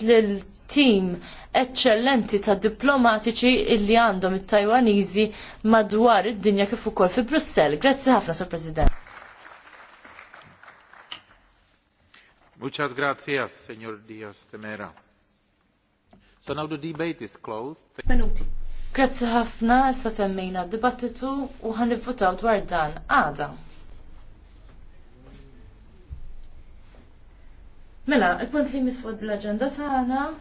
l-tim eccellenti ta' diplomatiċi illi għandhom it-Tajwaniżi madwar id-dinja kif ukoll fi Brussell. Grazzi ħafna, Sir President. Muchas gracias, Señor Diaz Temera. So now the debate is closed. Minuti. Grazzi ħafna, sa temmejna d-dibattitu u ħanivvutaw dwar dan għada. Mela, il-punt li misfod l-agenda sana u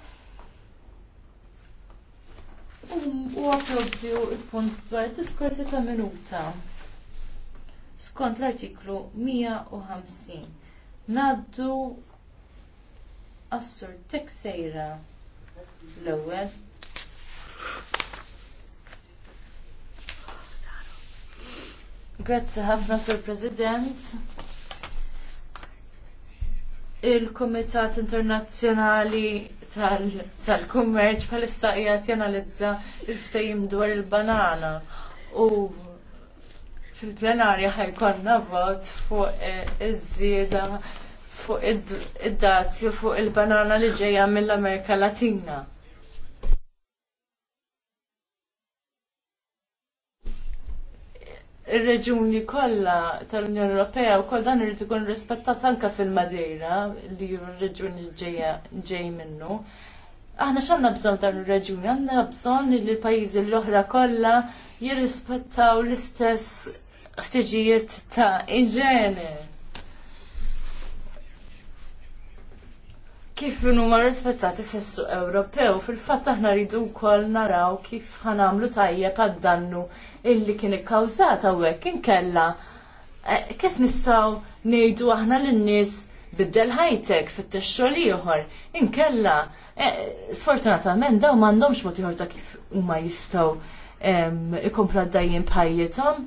um, għafrobju il-punt dwar diskorsi ta' minuta skont l-artiklu 150. Naddu assur teksejra sejra l-ewwel. Grazzi ħafna sur President il-Komitat Internazzjonali tal-Kummerċ bħalissa qiegħed janalizza l-ftehim dwar il-banana u fil-plenarja ħajkonna vot fuq eh, iż-żieda fuq id-dazju fuq il-banana li ġejja mill-Amerika Latina. ir-reġuni kollha tal-Unjoni Ewropea wkoll dan irid ikun rispettat anke fil-Madeira li r-reġuni ġej minnu. Aħna x'għandna bżonn dan ir-reġuni, għandna bżonn li l-pajjiżi l-oħra kollha jirrispettaw l-istess ħtiġijiet ta' inġene. Kif huma rispettati fis-suq Ewropew, fil-fatt aħna rridu wkoll naraw kif ħanamlu tajjeb għad-dannu illi kien u hekk inkella eh, kif nistgħu ngħidu aħna lin-nies biddel ħajtek fit-tixxol ieħor inkella eh, sfortunatament daw m'għandhomx mod ieħor ta' kif huma jistgħu ikomplu dajjin bħajjithom.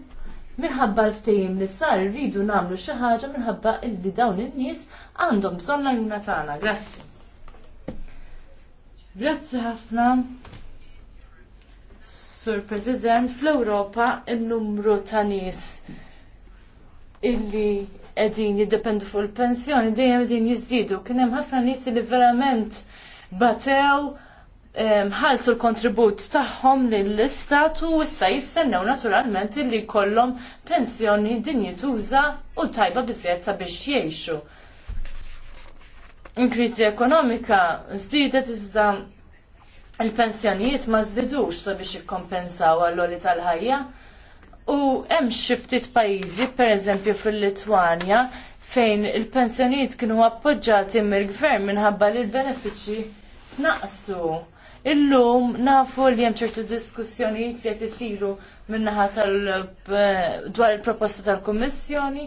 Minħabba l-ftejim li sar rridu nagħmlu xi ħaġa minħabba li dawn in-nies għandhom bżonn l tagħna. Grazzi. Grazzi ħafna. Sur President, fl-Ewropa il-numru ta' nies illi qegħdin jiddependu fuq il-pensjoni dejjem qegħdin jiżdiedu. Kien hemm ħafna nies li verament batew ħalsu l-kontribut tagħhom lill-istat u issa jistennew naturalment illi jkollhom pensjoni din jituża u tajba biżjed sabiex jgħixu. Inkriżi kriżi ekonomika żdiedet iżda il-pensjonijiet ma zdidux sabiex jikkompensaw għall-oli tal-ħajja. U hemm xi ftit pajjiżi, pereżempju fil-Litwanja, fejn il-pensjonijiet kienu appoġġjati mill-gvern minħabba li l-benefiċċji naqsu. Illum nafu li hemm ċertu diskussjonijiet li qed isiru minnaħa tal dwar il-proposta tal-Kummissjoni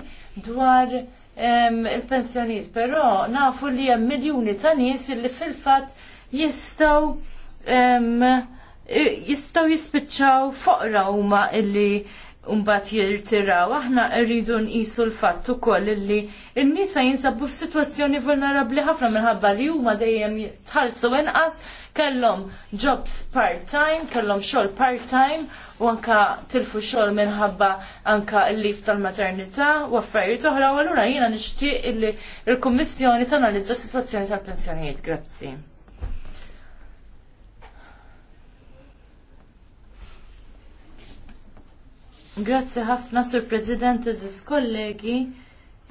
dwar il-pensjonijiet, però nafu li hemm miljuni ta' nies li fil-fatt jistgħu jistaw jispiċċaw foqra huma illi Umbat jirtiraw, aħna rridu nqisu l-fatt ukoll illi n-nisa jinsabu f'sitwazzjoni vulnerabbli ħafna minħabba li huma dejjem tħallsu inqas kellhom jobs part-time, kellhom xogħol part-time u anka tilfu xogħol minħabba anka l-lif tal-maternità u affarijiet oħra u allura jiena nixtieq illi l-Kummissjoni tanalizza s-sitwazzjoni tal-pensjonijiet. Grazzi. Grazzi ħafna, Sur President, eżis kollegi.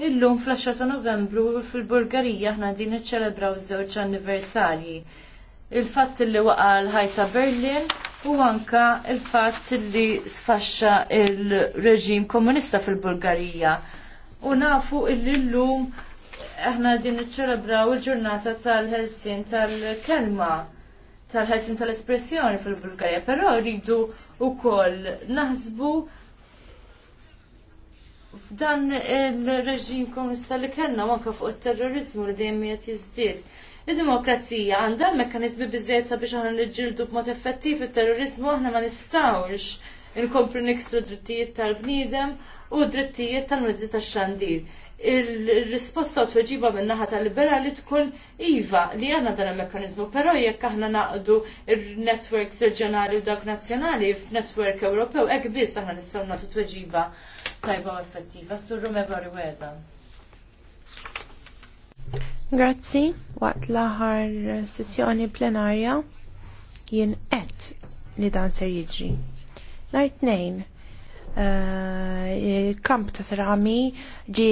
Illum fl-10 ta' novembru fil-Bulgarija ħna din iċċelebraw żewġ anniversarji. Il-fatt li waqa l-ħajta Berlin u anka il-fatt li sfaxxa il-reġim komunista fil-Bulgarija. U nafu illi llum aħna din iċċelebraw il-ġurnata tal helsin tal-kelma tal-ħelsin tal-espressjoni fil-Bulgarija, però rridu wkoll naħsbu f'dan il-reġim komunista li kellna anke fuq it-terrorizmu li dejjem qed jiżdied. Id-demokrazija għandha l-mekkanizmi biżejjed sabiex aħna niġġieldu b'mod effettiv it-terrorizmu aħna ma nistgħux inkomplu nikstru drittijiet tal-bniedem u drittijiet tal-mezzi tax-xandir il-risposta u tweġiba minn naħa tal-liberali tkun iva li għanna dan il-mekkanizmu, pero jekk aħna naqdu il-networks reġjonali u dak nazzjonali f'network Ewropew, hekk biss aħna nistgħu nagħtu tweġiba tajba u effettiva. Surru mevari weda. Grazzi, waqt l-aħħar sessjoni plenarja jien qed li dan ser jiġri. Nar Eh, kamp ta' serami ġi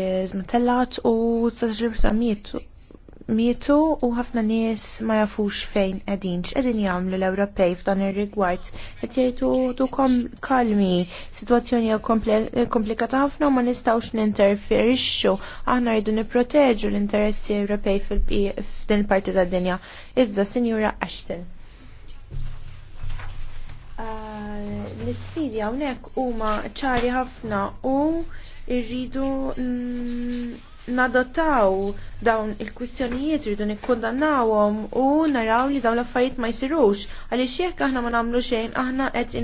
eh, zmatellat u ta' mietu mietu u ħafna nies ma jafux fejn qegħdin x'qegħdin jagħmlu l-Ewropej f'dan ir-rigward. Qed jgħidu dukom kalmi, sitwazzjoni komplikata ħafna u ma nistgħux ninterferixxu. Aħna rridu nipproteġu l-interessi Ewropej fil f'din il-parti tad-dinja. Iżda, Sinjura Ashton l isfidi hawnhekk huma ċari ħafna u rridu nadottaw dawn il-kwistjonijiet rridu nikkundannawhom u naraw li dawn l-affarijiet ma jsirux għaliex jekk aħna ma nagħmlu xejn aħna qed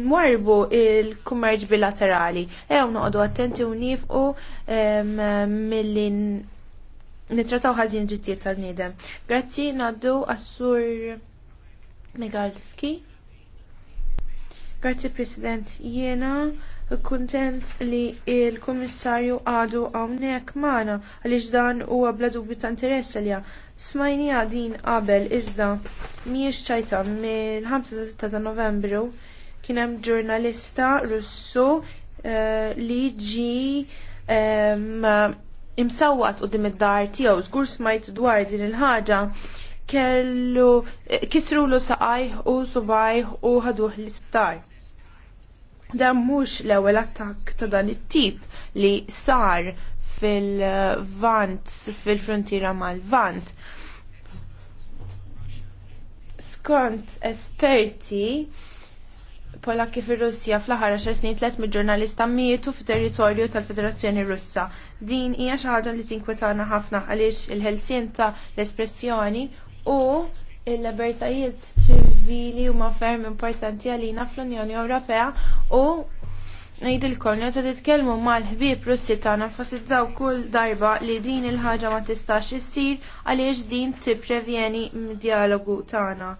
nmorbu il-kummerġ bilaterali. Ew noqogħdu attenti u nifqu milli nitrataw ħażin ġittijiet tal-niedem. Grazzi ngħaddu għas-sur Megalski. Grazie President, Jiena kuntent li il-Komissarju għadu għawnek maħna għalix dan u għabla dubju ta' interess għalja. Smajni għadin qabel iżda miex ċajta minn 5 ta' novembru kienem ġurnalista russu eh, li ġi um, imsawwat u dim id-dar tiegħu żgur smajt dwar din il-ħaġa kellu kisru l u subaj u ħaduh l-isptar. Dan mhux l-ewwel attakk ta' dan it-tip li sar fil-vant, fil-frontiera mal-vant. Skont esperti, Pola kif ir-Russja fl-aħħar 10 snin tlet mill-ġurnalista mietu fit-territorju tal-Federazzjoni Russa. Din hija xi ħaġa li tinkwetana ħafna għaliex il-ħelsien ta' l-espressjoni u il-libertajiet ċivili huma ferm importanti għalina fl-Unjoni Ewropea u ngħidilkom li meta titkellmu mal-ħbieb Russi tagħna nfasizzaw kull darba li din il-ħaġa ma tistax issir għaliex din tipprevjeni mid-dialogu tagħna.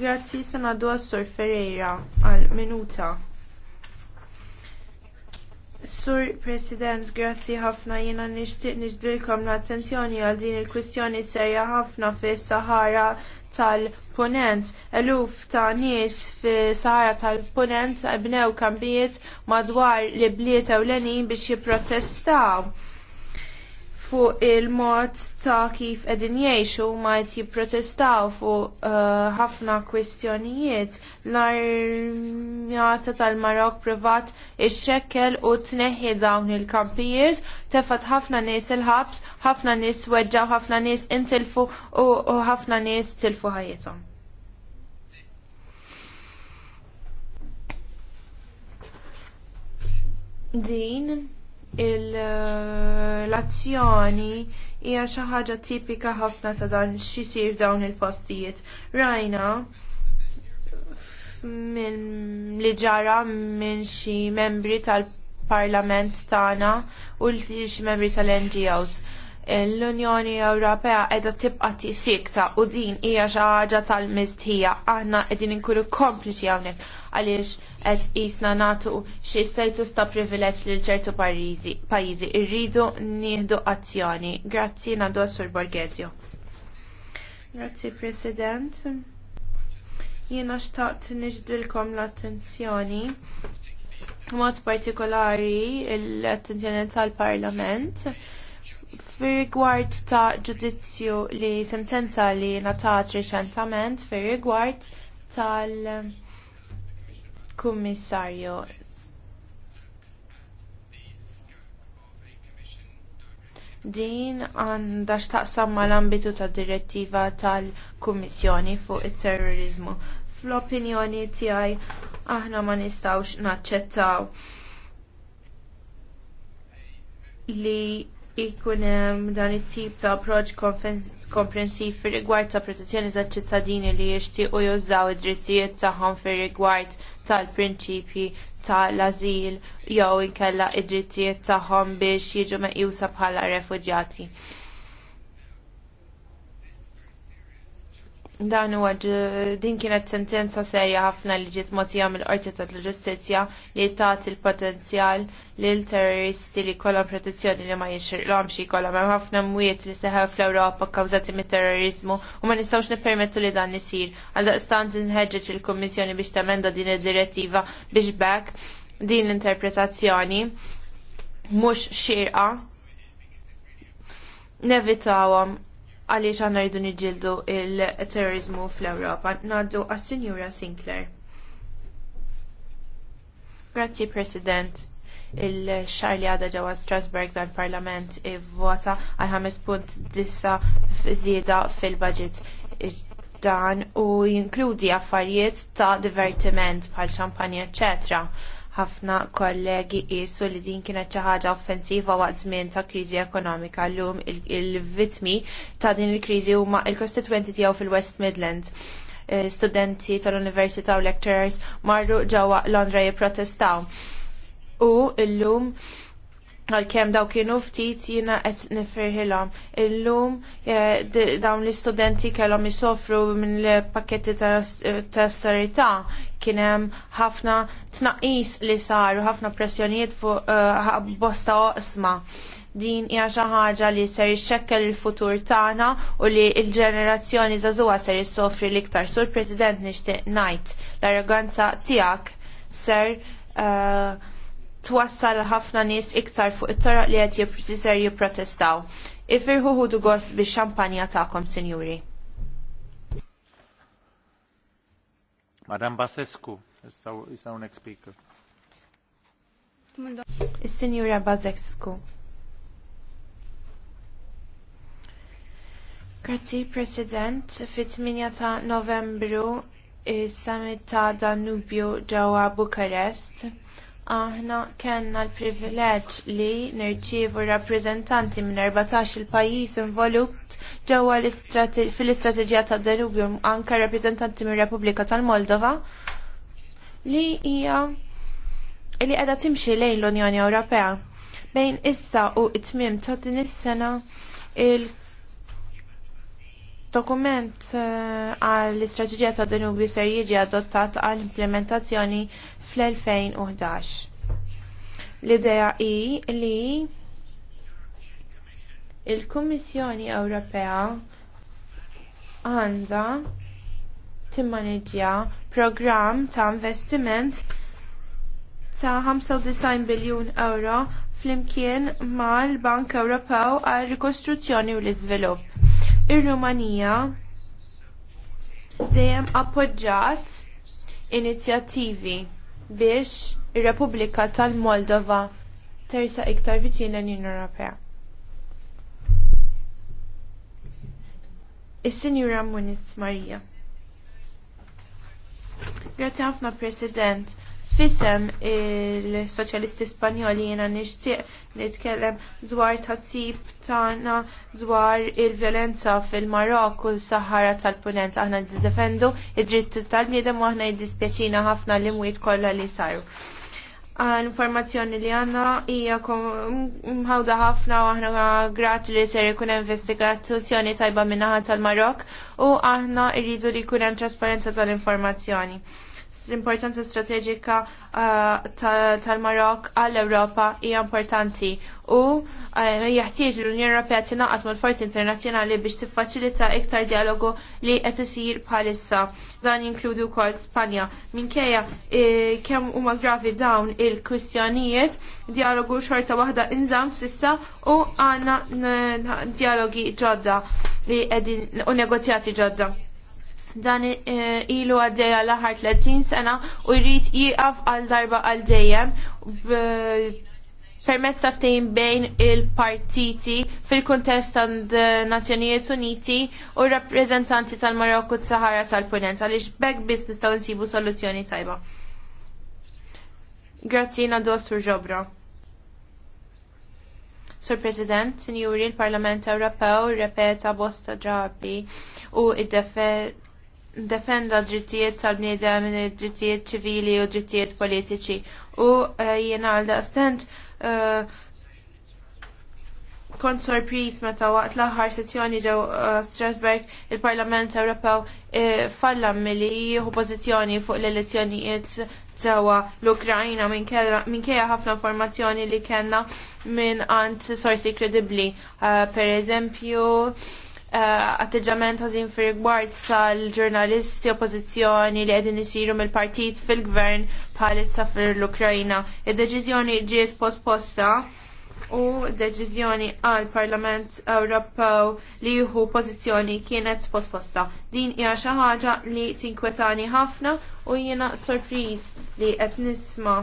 Grazzi sanadu għas-Sur Ferreira għal minuta. Sur President, grazzi ħafna jiena nixtieq nixdilkom l-attenzjoni għal din il-kwistjoni serja ħafna fis-Sahara tal-Punent. Eluf ta' nies fis-Sahara tal-Punent bnew kambijiet madwar li bliet ewlenin biex jipprotestaw fuq il-mod ta' kif qegħdin jgħixu ma qed jipprotestaw fuq eh, ħafna uh, kwistjonijiet l-armjata tal-Marok privat ixxekkel u tneħħi dawn il-kampijiet tefat ħafna nies il-ħabs, ħafna nies weġġaw, ħafna nies intilfu u ħafna nies tilfu ħajjithom. Din Il azzjoni hija xi ħaġa tipika ħafna ta' dan x'isir dawn il-postijiet. Rajna minn li ġara minn xi membri tal-Parlament tagħna u xi membri tal-NGOs l-Unjoni Ewropea qiegħda tibqa' tisikta u din hija xi ħaġa tal-mistħija. Aħna qegħdin inkunu kompliċi hawnhekk għaliex qed qisna nagħtu xi status ta' privileġġ lil ċertu pajjiżi. Irridu nieħdu azzjoni. Grazzi ngħidu Sur Borghezio. Grazzi President. Jiena xtaqt niġdilkom l-attenzjoni mod partikolari l-attenzjoni tal-Parlament fir-rigward ta' ġudizzju li sentenza li ngħatat riċentament fir-rigward tal-kummissarju. Din għanda x'taqsam mal-ambitu tad direttiva tal-Kummissjoni fuq it-terrorizmu. Fl-opinjoni tiegħi aħna ma nistgħux naċċettaw li ikun ehm, dan it-tip ta' approċ komprensiv fir rigward ta' protezzjoni ta' ċittadini li jixtiequ jużaw id-drittijiet tagħhom fir rigward tal-prinċipji tal-azil jew inkella id-drittijiet tagħhom biex jiġu meqjusa bħala refuġjati. Dan huwa din kienet sentenza serja ħafna li ġiet motija mill-Qorti tal-Ġustizzja li tat il-potenzjal lil terroristi li kollha protezzjoni li ma jinxirlhomx jkollhom hemm ħafna mwiet li seħew fl-Ewropa kkawżati mit-terrorizmu u ma nistgħux nippermettu li dan isir. Għaldaqstant inħeġġeġ il-Kummissjoni biex temenda din id-direttiva biex bekk din l-interpretazzjoni mhux xirqa nevitawhom għaliex għanna rridu niġġieldu il-terrorizmu fl-Ewropa. Naddu għas-Sinjura Sinclair. Grazzi, President. Il-xar li għada ġewwa Strasbourg dal-Parlament ivvota għal 5.9 żieda fil-budget dan u jinkludi affarijiet ta' divertiment bħal ċampanja, eccetera ħafna kollegi qisu li din kienet xi ħaġa offensiva waqt żmien ta' kriżi ekonomika llum il-vittmi ta' din il-kriżi huma il-kostitwenti tiegħu fil-West Midlands. Eh, studenti tal-Università u lecturers marru ġewwa Londra jipprotestaw. U llum għal-kem daw kienu ftit jina qed nifirħilhom. Illum eh, dawn l-istudenti kellhom jisofru minn l-pakketti ta' starita kien hemm ħafna tnaqis li saru, ħafna pressjonijiet fuq eh, bosta oqsma. Din hija xi ħaġa li ser ixxekkel il-futur tagħna u li l-ġenerazzjoni żagħżugħa ser jissofri l-iktar. Sur President nixtieq ngħid l-arroganza tiegħek ser uh, twassal ħafna nies iktar fuq it toroq li qed jipprotestaw. jipprotestaw. Ifirħu ħudu gost bix xampanja tagħkom, sinjuri. Madam Basescu, is our next speaker. Is-Sinjura Basescu. Grazzi, President. Fit-8 ta' Novembru is-Summit ta' Danubju ġewwa Bukarest Aħna kellna l-privileġġ li nirċievu rappreżentanti minn 14 il-pajjiż involut ġewwa fil-istrateġija tad Danubium anke rappreżentanti mir-Repubblika tal-Moldova li hija li qiegħda timxi lejn l-Unjoni Ewropea. Bejn issa u t tmiem ta' din is-sena il- Dokument eh, għall istraġġija ta' Danubju ser jiġi adottat għall implementazzjoni fl-2011. L-idea hi li il-Kummissjoni Ewropea għandha timmaneġġja programm ta' investiment ta' 95 biljun euro flimkien mal-Bank Ewropew għal rikostruzzjoni u l-iżvilupp Ir-Rumanija dejjem appoġġat inizjattivi biex ir-Repubblika tal-Moldova tersa iktar viċin l-Unjoni Ewropea. Is-Sinjura Muniz Marija. Grazie ħafna President. Fisem il-Soċjalisti Spanjoli jiena nixtieq nitkellem dwar tasib tagħna dwar il-vjolenza fil-Marok u s-Sahara tal-Punent. Aħna niddefendu id-dritt tal-bniedem u aħna jiddispjaċina ħafna li mwiet kollha li saru. L-informazzjoni li għanna hija mħawda ħafna u aħna grati li ser ikun investigazzjoni tajba min-naħa tal-Marok u aħna rridu li jkun hemm trasparenza tal-informazzjoni l-importanza strateġika uh, tal-Marok għall-Ewropa hija importanti u uh, jaħtieġ l-Unjoni Ewropea tingħaqad mal-forzi internazzjonali biex tiffaċilita iktar dialogu li qed isir bħalissa. Dan jinkludu wkoll Spanja. Minkejja eh, kemm huma gravi dawn il-kwistjonijiet, dialogu xorta waħda inżamm sissa u għandna dialogi ġodda li qegħdin u negozjati ġodda dan eh, ilu għaddeja l-aħħar 30 sena u jrid jieqaf għal darba għal dejjem permezz ta' ftehim bejn il-partiti fil-kuntest tan-Nazzjonijiet Uniti u rappreżentanti tal t Sahara tal-Punent għaliex bekk biss nistgħu nsibu soluzzjoni tajba. Grazzi na Sur Ġobra. Sur President, Sinjuri, l-Parlament Ewropew repeta bosta ġabi u id-defet defenda drittijiet tal-bniedem minn drittijiet ċivili u drittijiet politiċi. U eh, jiena għal daqstent eh, kont sorpriz meta waqt l-aħħar sezzjoni ġew eh, Strasbourg il-Parlament Ewropew falla milli jieħu pożizzjoni fuq l-elezzjonijiet ġewwa l-Ukrajna minkejja ħafna informazzjoni li kellna minn għand sorsi kredibbli. Per eżempju, Eh, atteġġament għazin fi rigward tal-ġurnalisti oppożizzjoni li qegħdin isiru mill-partit fil-gvern bħalissa fil-Ukrajna. Id-deċiżjoni ġiet posposta u deċiżjoni għal Parlament Ewropew li jieħu pożizzjoni kienet posposta. Din hija xi ħaġa li tinkwetani ħafna u jiena sorpriż li qed nisma'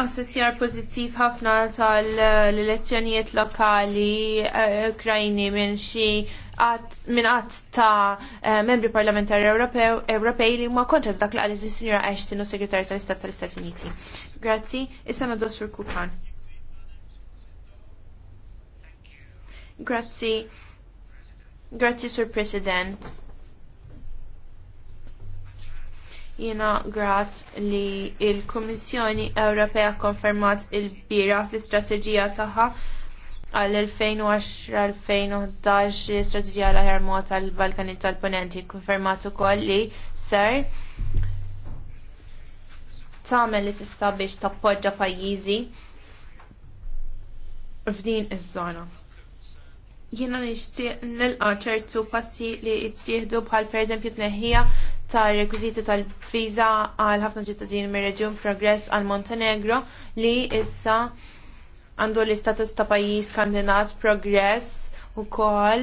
assessjar pozittiv ħafna tal-elezzjonijiet lokali eh, Ukrajni minn xi minn qatt ta' eh, membri parlamentari Ewropej li huma kontra dak li qalet is sinjura Ashton u Segretarju tal-Istat tal-Istati Uniti. Grazzi, issa nados fil Kukan. Grazzi. Grazzi, Sur President. Jiena grat li l kummissjoni Ewropea konfermat il-bira fl-istrateġija tagħha għal-2010-2011 l-istrateġija l aħjar tal-Balkani tal-Ponenti konfermat ukoll li ser tagħmel li tista' biex tappoġġa pajjiżi f'din iż-żona jiena nixtieq nilqa' ċertu passi li ttieħdu bħal pereżempju tneħħija ta rekwiżiti tal-viża għal ħafna ċittadini mir reġjun Progress għal Montenegro li issa għandu l-istatus ta' pajjiż kandidat Progress ukoll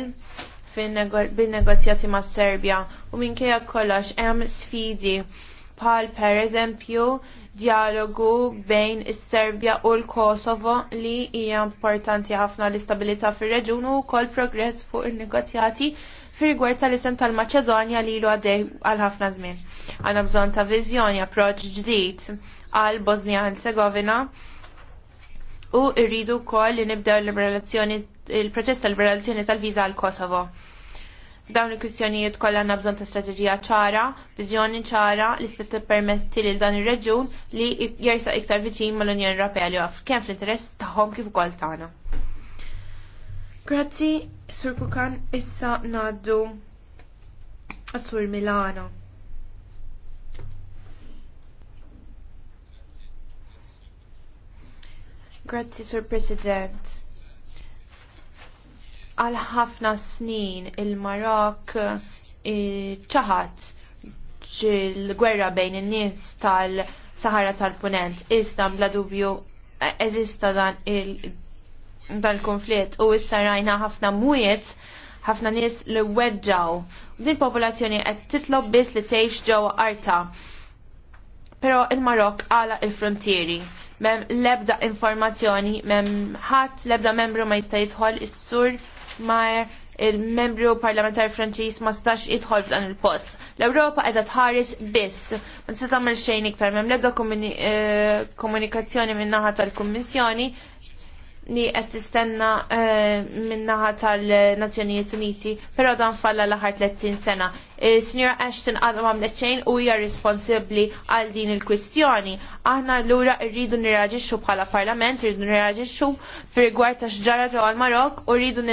bin-negozjati mas Serbja u minkejja kollox hemm sfidi bħal pereżempju dijalogu bejn is-Serbja u l-Kosovo li hija importanti ħafna l-istabilità fir-reġun u wkoll progress fuq in-negozjati fir tal-isem tal-Maċedonja li ilu għaddej għal ħafna żmien. Għandna bżonn ta' viżjoni approċ ġdid għal Bosnia Herzegovina u rridu wkoll li nibdew l-liberazzjoni il-proċess tal-liberazzjoni tal viza għal Kosovo. Dawn il-kwistjonijiet kollha għanna bżonn ta' strateġija ċara, viżjoni ċara li se tippermetti lil dan ir-reġjun li jersa' iktar viċin mal-Unjoni Ewropea li kemm fl-interess tagħhom kif ukoll tagħna. Grazzi, Sur Kukan, issa naddu Sur Milano. Grazzi, Sur President. Għal ħafna snin il-Marok ċaħat ġil-gwerra bejn in-nies tal-Sahara tal-Punent. Iżda bla dubju e-, eżista dan il- dan konflitt u issa rajna ħafna mwiet ħafna nies li weġġaw. Din popolazzjoni qed titlob biss li tgħix ġewwa qarta. Però il-Marok għala il-frontieri. Mem lebda informazzjoni, mem ħadd lebda membru ma jista' jidħol is-sur ma il-membru parlamentari Franċiż ma stax jidħol f'dan il-post. L-Ewropa qiegħda tħares biss, ma tista' tagħmel xejn iktar, mem l-ebda eh, komunikazzjoni min-naħa tal-Kummissjoni li qed tistenna eh, min-naħa tal-Nazzjonijiet Uniti, però dan falla l-aħħar 30 sena. Eh, Signora Ashton għadhom għamlet xejn u hija responsibbli għal din il-kwistjoni. Aħna lura rridu nirraġixxu bħala Parlament, rridu nirraġixxu fir-rigward ta' xġara ġew l-Marok u rridu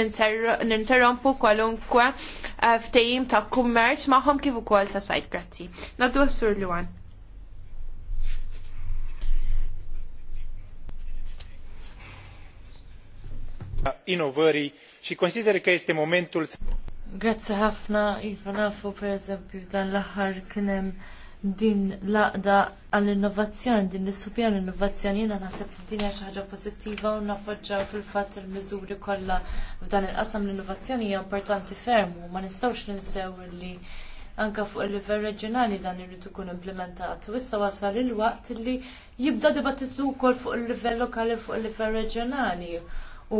ninterrompu kwalunkwe eh, ftehim ta' kummerċ magħhom kif ukoll ta' sajt grazzi. Naddu sur Luan. inovării și consider că este momentul Grazzi ħafna, Iva nafu per eżempju dan l-aħħar kien hemm din laqda għall-innovazzjoni, din l-istupja l-innovazzjoni jiena naħseb li din hija xi ħaġa pożittiva u nafoġġaw fil-fatt il-miżuri kollha f'dan il-qasam l-innovazzjoni hija importanti ferm u ma nistgħux ninsew li anke fuq il-livell reġjonali dan irid ikun implementat. U issa wasal il-waqt li jibda dibattitu wkoll fuq il-livell lokali fuq il-livell reġjonali u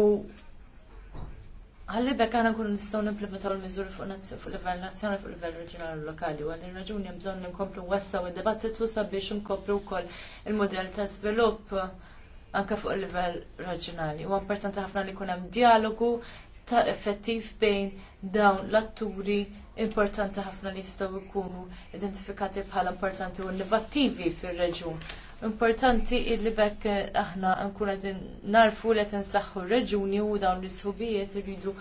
bekk għana kun nistaw nimplementaw l-mizuri fuq livell nazzjonali fuq livell reġjonali u lokali u għalli raġuni bżon nkomplu u id debattitu sabiex nkoplu wkoll il-modell ta' svilupp anke fuq il-livell reġjonali. U importanti ħafna li kun hemm dialogu ta' effettiv bejn dawn l-atturi importanti ħafna li jistgħu jkunu identifikati bħala importanti u innovattivi fir-reġjun. Importanti illi bekk aħna nkun qed narfu li qed insaħħu r-reġuni u dawn l-isħubijiet irridu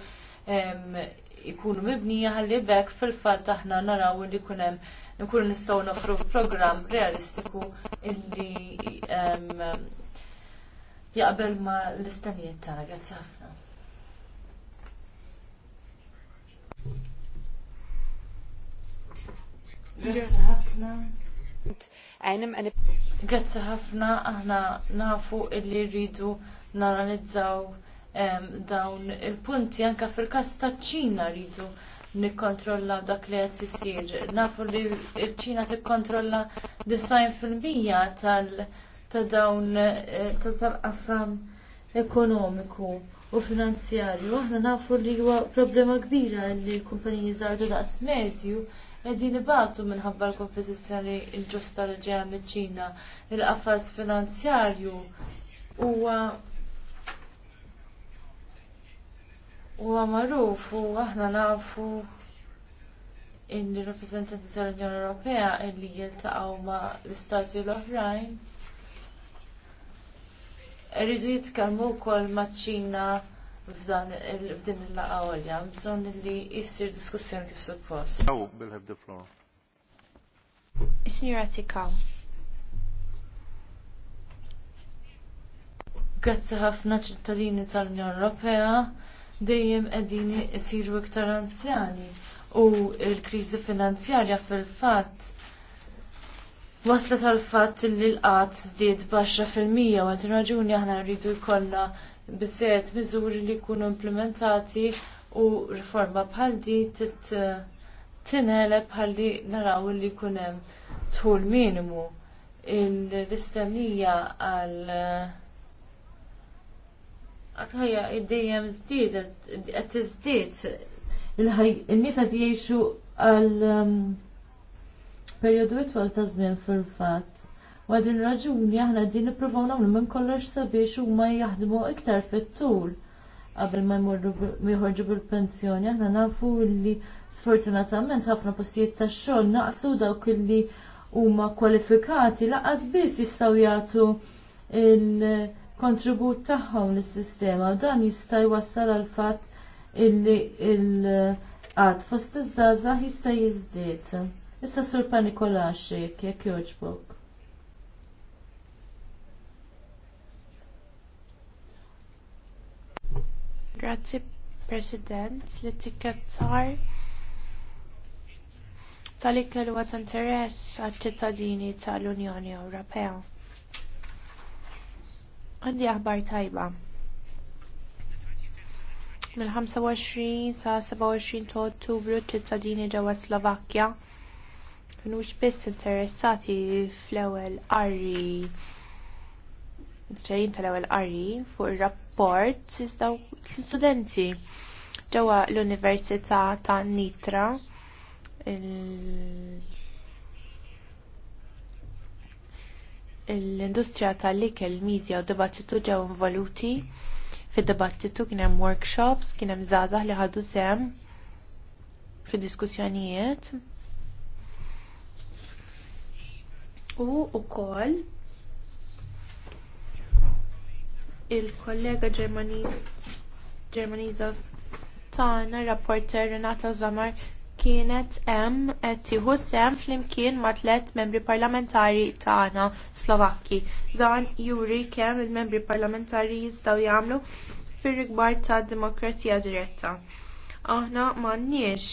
ikunu mibnija ħalli bekk fil-fatt aħna naraw li kun hemm nkunu nistgħu noħru programm realistiku illi jaqbel ma l-istanijiet tagħna. Grazzi ħafna. Grazzi ħafna. Grazzi ħafna aħna nafu illi rridu nanalizzaw dawn il-punti anke fil-każ taċ-Ċina rridu nikkontrollaw dak li qed isir. Nafu li ċ-Ċina tikkontrolla 90% tal ta' dawn eh, tal-qasam ekonomiku u finanzjarju. Aħna nafu li huwa problema kbira li l-kumpaniji żgħar daqs medju qegħdin ibatu minħabba l il-ġusta li ġejja miċ-Ċina. Il-qafas finanzjarju huwa huwa magħruf u aħna nafu il-rappresentanti tal-Unjoni Ewropea illi jiltaqgħu ma' l-istati l-oħrajn. Rridu jitkellmu wkoll maċ-Ċina f'dan f'din il-laqa għolja, bżon li jissir diskussjoni kif suppost. Għaw, oh, bil the floor. Is-signora Tikaw. Grazzi ħafna ċittadini tal-Unjoni Ewropea dejjem qegħdin isiru iktar anzjani u l-kriżi finanzjarja fil-fatt waslet għal fatt li l-qatt żdied baxra fil-mija u għad raġuni aħna rridu jkollna bizzet miżuri li jkunu implementati u riforma bħal di eh, tineleb bħalli naraw li jkun hemm minimu. L-istennija eh, għal ħajja id dijem zdid qed tiżdied in-nies qed jgħixu għal ehm, perjodu itwal ta' żmien fil-fatt. U għadin raġuni aħna din niprofaw nagħmlu minn kollox sabiex huma jaħdmu iktar fit-tul qabel ma jħorġu bil-pensjoni. Aħna nafu li sfortunatament ħafna postijiet tax-xogħol naqsu dawk illi huma kwalifikati laqas biss jistgħu jagħtu il-kontribut tagħhom lis-sistema u dan jista' jwassal għal fatt illi il għad fost iż-żgħażagħ jista' jiżdied. Issa sur panikolaxi jekk jogħġbok. Grazzi President, l tikkettar tal-ikel huwa ta' interess għat-ċittadini tal-Unjoni Ewropea. Għandi aħbar tajba. Mill-25 sa' 27 ta' Ottubru ċittadini ġewwa Slovakkja kienu biss interessati fl-ewwel qari ġejjin tal-ewwel qari fuq ir-rapport rapport studenti ġewwa l-Università ta' Nitra l-industrija tal-ikel, media u dibattitu ġew involuti fid-dibattitu kien hemm workshops, kien hemm żgħażagħ li ħadu sehem fid-diskussjonijiet. U wkoll il-kollega Ġermaniza tagħna rapporter Renata Zamar kienet hemm qed tieħu sehem flimkien ma' tliet membri parlamentari tagħna Slovakki. Dan juri kemm il-membri parlamentari jistgħu jagħmlu fir-rigbar tad demokrazija diretta. Aħna m'għandniex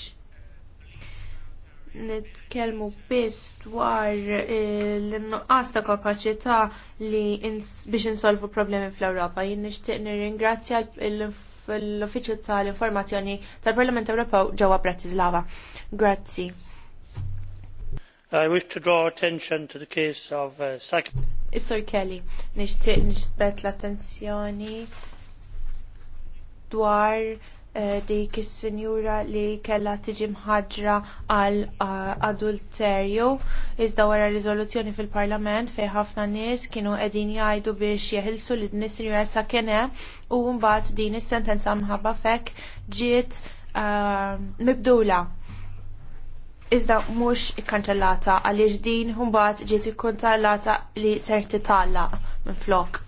nitkellmu biss dwar l-nuqqas ta' kapaċità li biex insolvu problemi fl-Ewropa. Jien nixtieq nirringrazzja l-Uffiċċju tal-Informazzjoni tal-Parlament Ewropew ġewwa Bratislava. Grazzi. I wish to draw attention to the case of uh, is Kelly, nixtieq nixbet l-attenzjoni dwar Eh, dik is-sinjura li kellha tiġi mħaġra għal eh, adulterju iżda wara riżoluzzjoni fil-Parlament fejn ħafna nies kienu qegħdin jgħidu biex jeħilsu li din is-sinjura sa kien hemm u mbagħad din is-sentenza minħabba fek ġiet eh, mibdula iżda mhux ikkanċellata għaliex din mbagħad ġiet ikkunċellata li ser titgħallaq minflok.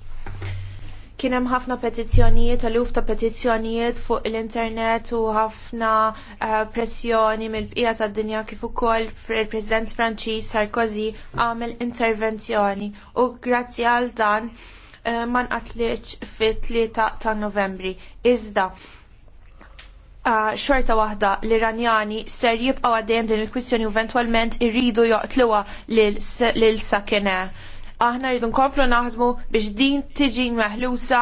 Kien hemm ħafna petizzjonijiet, uf ta' petizzjonijiet fuq l-internet u ħafna eh, pressjoni mill-bqija tad-dinja kif ukoll il-President Franċiż Sarkozy għamel intervenzjoni u grazzi għal dan eh, ma nqatlitx fit-3 ta' Novembri. Iżda eh, xorta waħda l-Iranjani ser jibqa' għaddejjem din il-kwistjoni eventualment irridu joqtluha lil sakene aħna rridu nkomplu naħdmu biex din tiġi meħlusa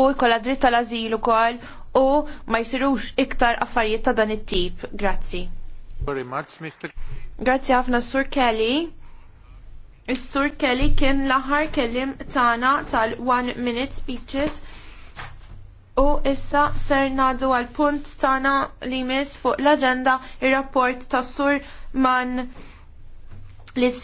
u jkollha dritt tal-azil ukoll u ma jsirux iktar affarijiet ta' dan it-tip. Grazzi. Grazzi ħafna Sur Kelly. Is-Sur Kelly kien l-aħħar kellim tagħna tal-1 minute speeches u issa ser nadu għal punt tagħna li mis fuq l-aġenda ir-rapport tas-Sur Man l